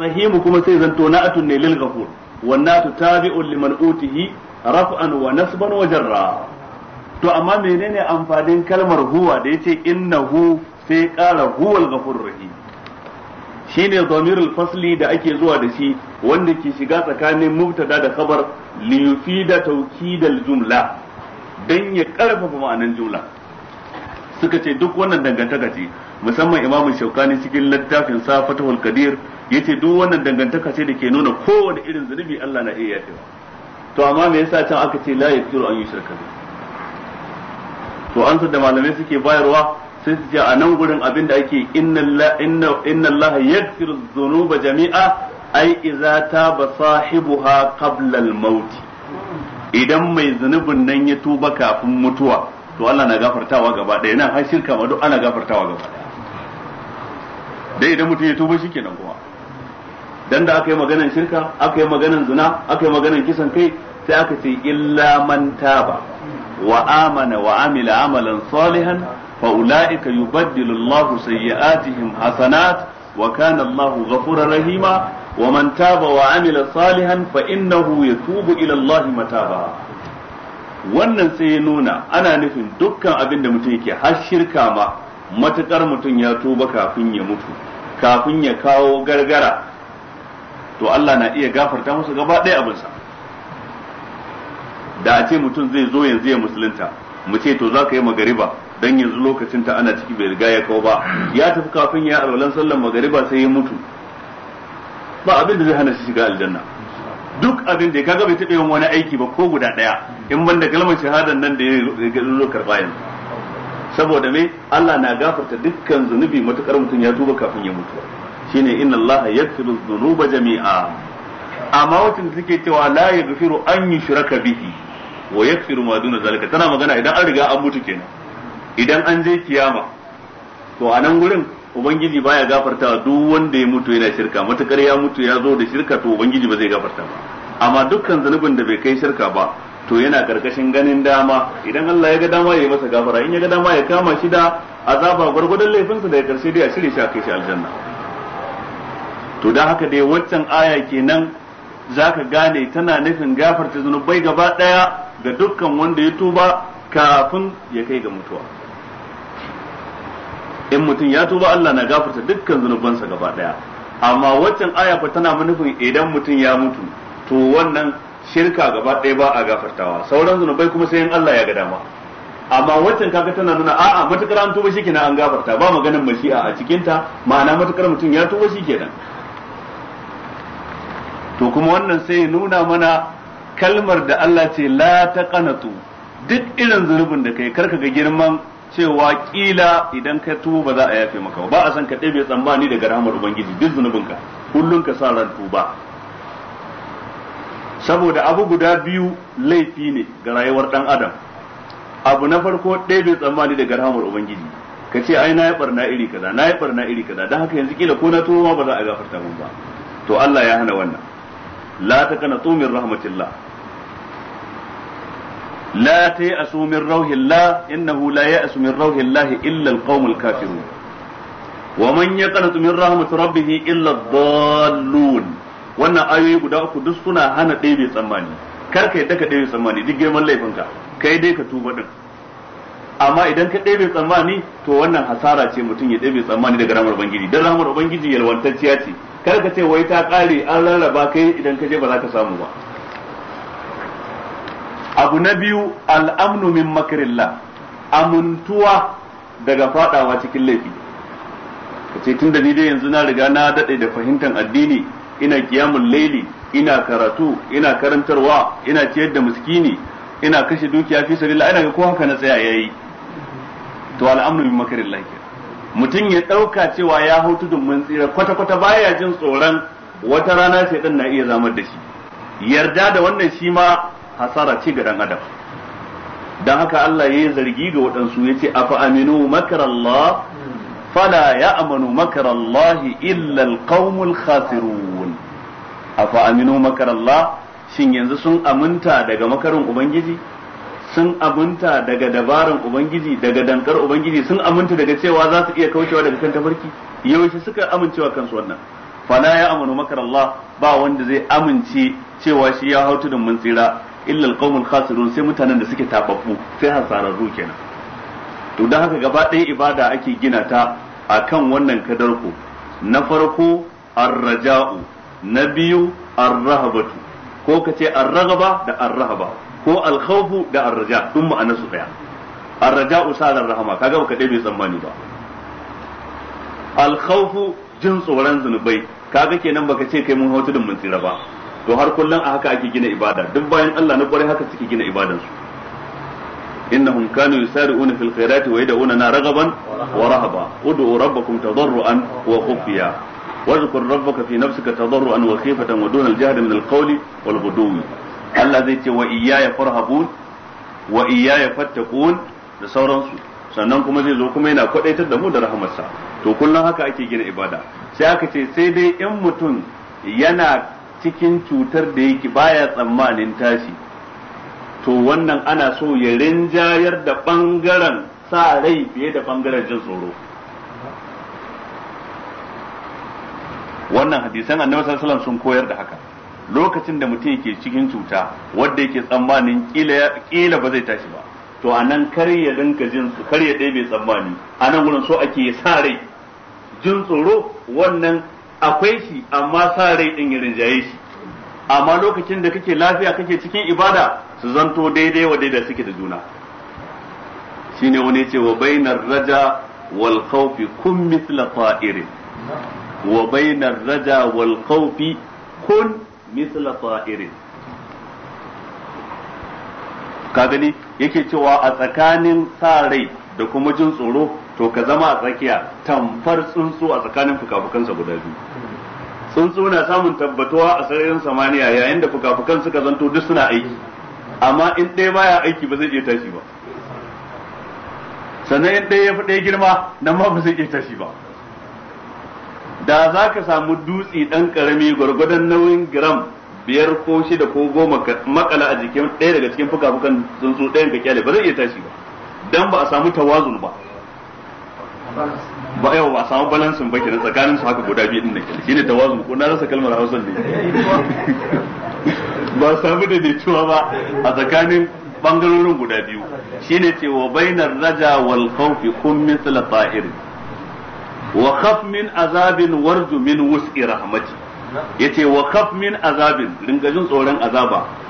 rahimu kuma sai zanto na'atun ne lil ghafur wa na'atu tabi'un liman utihi raf'an wa nasban wa jarra to amma menene amfanin kalmar huwa da yace innahu sai kara huwal ghafur rahim shine dhamirul fasli da ake zuwa da shi wanda ke shiga tsakanin mubtada da khabar li yufida tawkidal jumla dan ya karfafa ma'anan jumla suka ce duk wannan dangantaka ce musamman imamu shaukani cikin littafin ta fatahul kadir yace duk wannan dangantaka ce da ke nuna kowane irin zunubi Allah na iya yafewa to amma me yasa can aka ce la yaghfiru an yushraka bi to an da malamai suke bayarwa sai su ce a nan gurin abin da ake inna inna Allah yaghfiru dhunuba jami'a ai idza ba sahibuha qabla al-maut idan mai zunubin nan ya tuba kafin mutuwa to Allah na gafartawa gaba ɗaya nan har shirka ma duk ana gafartawa gaba ɗaya dai idan mutum ya tuba shikenan kuma dan da aka yi maganan shirka aka yi maganan zina aka yi maganan kisan kai sai aka ce illa man taba wa amana wa amila amalan salihan fa ulaika yubaddilu Allahu sayyi'atihim hasanat wa kana Allahu ghafurar rahima wa man taba wa amila salihan fa innahu yatubu ila mata ba. wannan sai ya nuna ana nufin dukkan abin da mutum yake har shirka ma Matuƙar mutum ya tuba kafin ya mutu kafin ya kawo gargara to Allah na iya gafarta musu gaba ɗaya abinsa da a ce mutum zai zo yanzu ya musulunta mu ce to za ka yi magariba dan yanzu lokacin ta ana ciki bai riga ya kawo ba ya tafi kafin ya alwalan sallan magariba sai ya mutu ba abin da zai hana shi shiga aljanna duk abin da kaga bai taɓa yin wani aiki ba ko guda ɗaya in ban da kalmar shahadan nan da ya zo karɓa yanzu saboda me Allah na gafarta dukkan zunubi matukar mutum ya tuba kafin ya mutu shine inna Allah yaghfiru dhunuba jami'a amma wacin da suke cewa la yaghfiru an yushraka bihi wa yaghfiru ma duna zalika tana magana idan an riga an mutu kenan idan an je kiyama to a nan gurin ubangiji baya gafarta duk wanda ya mutu yana shirka matukar ya mutu ya zo da shirka to ubangiji ba zai gafarta ba amma dukkan zunubin da bai kai shirka ba to yana karkashin ganin dama idan Allah ya ga dama ya yi masa gafara in ya ga dama ya kama shi da azaba gwargwadon laifinsa da ya karshe dai a shirye shi a kai shi aljanna to dan haka dai waccan aya kenan zaka gane tana nufin gafarta zunubai gaba daya ga dukkan wanda ya tuba kafin ya kai ga mutuwa in mutum ya tuba Allah na gafarta dukkan zunubansa gaba daya amma waccan aya fa tana nufin idan mutum ya mutu to wannan shirka gaba ɗaya ba a gafartawa sauran zunubai kuma sai in Allah ya ga dama amma waccan kaga tana nuna a'a matukar an tuba shikenan an gafarta ba maganin mashi'a a cikin ta ma'ana matukar mutum ya tuba shikenan to kuma wannan sai ya nuna mana kalmar da Allah ce la taqanatu duk irin zunubin da kai karka ga girman cewa kila idan ka tuba ba za a yafe maka ba a san ka ɗebe tsammani daga rahmar ubangiji duk zunubinka kullun ka sa ran tuba saboda abu guda biyu laifi ne ga rayuwar dan adam abu na farko ɗaya bai tsammani daga rahamar ubangiji ka ce ai na yi barna iri kaza na yi barna iri kaza don haka yanzu kila ko na tuwo ma ba za a gafarta mun ba to Allah ya hana wannan la ta kana tsumin rahmatillah la ta yi asumin rauhillah innahu la ya asumin rauhillah illa alqaumul kafirun wa man yaqnatu min rahmatu rabbih illa ad-dallun wannan ayoyi guda uku duk suna hana ɗebe tsammani kar ka yadda ka ɗebe tsammani duk girman laifinka yi dai ka tuba din amma idan ka ɗebe tsammani to wannan hasara ce mutum ya ɗebe tsammani daga ramar ubangiji don ramar ubangiji yalwantacciya ce kar ka ce wai ta ƙare an rarraba kai idan ka je ba za ka samu ba abu na biyu al'amnu min makarilla amintuwa daga fadawa cikin laifi ka ce tun da ni dai yanzu na riga na daɗe da fahimtar addini ina kiyamun laili, ina karatu ina karantarwa ina ciyar da miskini ina kashe dukiya fi sabilillah ina ga ko haka na tsaya yayi to al'amru min mutum ya ɗauka cewa ya hutu mun tsira kwata kwata baya jin tsoron wata rana sai dan na iya zamar da shi yarda da wannan shi ma hasara ce ga dan adam dan haka Allah yayi zargi ga waɗansu yace afa aminu makarallah fala ya'manu makarallahi illa alqaumul khasirun afa aminu Allah shin yanzu sun aminta daga makarin ubangiji sun aminta daga dabaran ubangiji daga dankar ubangiji sun aminta daga cewa za su iya kaucewa daga kan tafarki yaushe suka amincewa kansu wannan fala ya amanu Allah ba wanda zai amince cewa shi ya hau tudun mun tsira illa alqaumul khasirun sai mutanen da suke tababbu sai hasararru kenan to dan haka gaba ɗaya ibada ake gina ta akan wannan kadarko na farko raja'u. na biyu ar-rahabatu ko ka ce ar-ragaba da ar-rahaba ko al-khawfu da ar-raja duk ma'anar su daya ar-raja rahama kaga baka dai bai tsammani ba al jin tsoron zunubai kaga kenan baka ce kai mun hautu da mun tsira ba to har kullum a haka ake gina ibada duk bayan Allah na kwarai haka suke gina ibadan su innahum kanu yusari'una fil khairati wa yad'una na ragaban wa rahaba ud'u rabbakum tadarruan wa khufiya واذكر ربك في نفسك تضرعا وخيفة ودون الجهد من القول والغدو Allah zai ce وإياي فرهبون وإياي فتكون iyaya fattaqun sannan kuma zai zo kuma yana kwadaitar da mu da rahamarsa to kullum haka ake gina ibada sai aka ce sai dai in mutum yana cikin cutar da yake baya tsammanin tashi to wannan ana so ya rinjayar da bangaren sa rai fiye da bangaren jin tsoro wannan hadisan annabi sallallahu alaihi sun koyar da haka lokacin da mutum yake cikin cuta wanda yake tsammanin kila ba zai tashi ba to a nan kar ya dinka jin su kar ya daibe tsammani a nan so ake sa rai jin tsoro wannan akwai shi amma sa rai din ya rinjaye shi amma lokacin da kake lafiya kake cikin ibada su zanto daidai wa daidai suke da juna shine wani ce wa bainar raja wal khawfi kun mithla ta'irin wa bainar raja wal khawfi kun misla ta'irin ka gani yake cewa a tsakanin sa rai da kuma jin tsoro to ka zama a tsakiya tamfar tsuntsu a tsakanin fukafukansa guda biyu tsuntsu na samun tabbatuwa a sararin samaniya yayin da fukafukan suka zanto duk suna aiki amma in ɗaya baya aiki ba zai iya tashi ba sannan in ɗaya ya fi ɗaya girma nan ma ba zai iya tashi ba da za ka samu dutse ɗan ƙarami gwargwadon nauyin gram biyar ko shida ko goma makala a jikin ɗaya daga cikin fuka-fukan tsuntsu ɗayan ka kyale ba zai iya tashi ba dan ba a samu tawazun ba ba yau ba a samu balansin ba kenan tsakanin su haka guda biyu din nan ne tawazun ko na rasa kalmar Hausa ne ba a samu daidaituwa ba a tsakanin bangarorin guda biyu Shi ne cewa bainar raja wal khawfi kun mithla ta'irin wa khaf min azabin warju min wus'i rahmati yace wa khaf min azabin ringa jin tsoron azaba